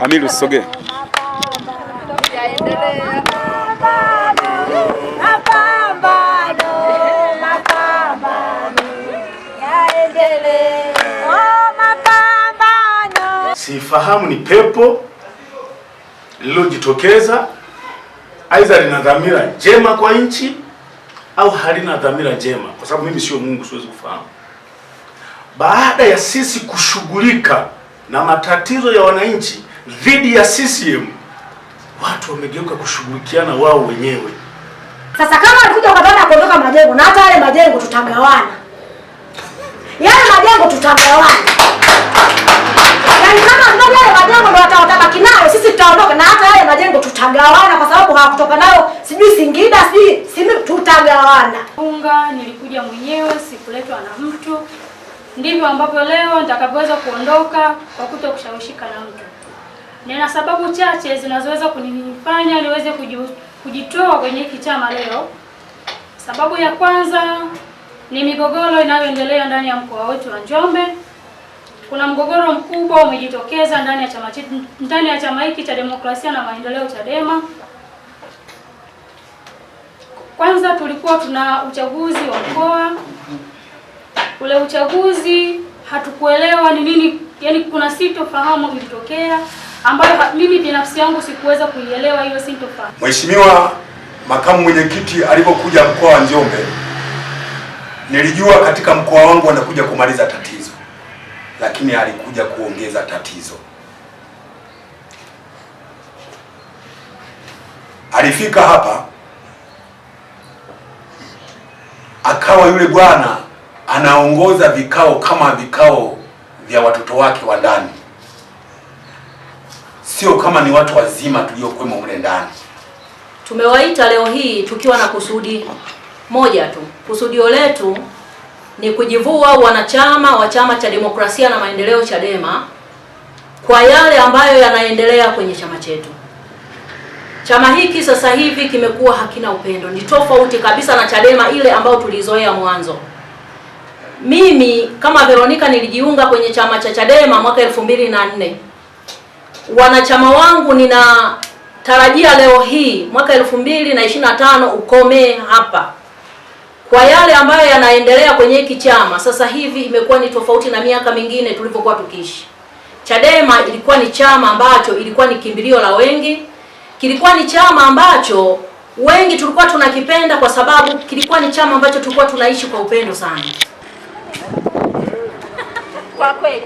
Amiri usisogee. Sifahamu ni pepo lililojitokeza, aidha lina dhamira njema kwa nchi au halina dhamira njema, kwa sababu mimi sio Mungu, siwezi kufahamu. Baada ya sisi kushughulika na matatizo ya wananchi dhidi ya CCM, watu wamegeuka kushughulikiana wao wenyewe. Sasa kama alikuja ya kuondoka majengo, na hata yale majengo tutagawana, yale majengo tutagawana, yaani kama ndio yale majengo ndio watabaki nayo, sisi tutaondoka, na hata yale majengo tutagawana, kwa sababu hawakutoka nayo, sijui Singida, sijui simi, tutagawana. Unga nilikuja mwenyewe, sikuletwa na mtu, ndivyo ambavyo leo nitakavyoweza kuondoka kwa kuto kushawishika na mtu. Nina sababu chache zinazoweza kunifanya niweze kujitoa kwenye hiki chama leo. Sababu ya kwanza ni migogoro inayoendelea ndani ya mkoa wetu wa Njombe. Kuna mgogoro mkubwa umejitokeza ndani ya chama ndani ya chama hiki cha demokrasia na maendeleo Chadema. Kwanza tulikuwa tuna uchaguzi wa mkoa. Ule uchaguzi hatukuelewa ni nini, yani kuna sitofahamu ilitokea ambayo mimi binafsi yangu sikuweza kuielewa hiyo sintofahamu. Mheshimiwa makamu mwenyekiti alipokuja mkoa wa Njombe, nilijua katika mkoa wangu anakuja kumaliza tatizo, lakini alikuja kuongeza tatizo. Alifika hapa akawa yule bwana anaongoza vikao kama vikao vya watoto wake wa ndani sio kama ni watu wazima tuliokuwemo mle ndani. Tumewaita leo hii tukiwa na kusudi moja tu. Kusudio letu ni kujivua wanachama wa Chama cha Demokrasia na Maendeleo CHADEMA kwa yale ambayo yanaendelea kwenye chama chetu. Chama hiki sasa hivi kimekuwa hakina upendo, ni tofauti kabisa na CHADEMA ile ambayo tulizoea mwanzo. Mimi kama Veronica nilijiunga kwenye chama cha CHADEMA mwaka elfu mbili na nne wanachama wangu, nina tarajia leo hii mwaka tano ukomee hapa kwa yale ambayo yanaendelea kwenye hiki chama sasa hivi. Imekuwa ni tofauti na miaka mingine tulivyokuwa tukiishi. Chadema ilikuwa ni chama ambacho ilikuwa ni kimbilio la wengi, kilikuwa ni chama ambacho wengi tulikuwa tunakipenda kwa sababu kilikuwa ni chama ambacho tulikuwa tunaishi kwa upendo sana, kwa kweli.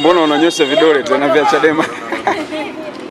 Mbona unanyosha vidole tena vya Chadema?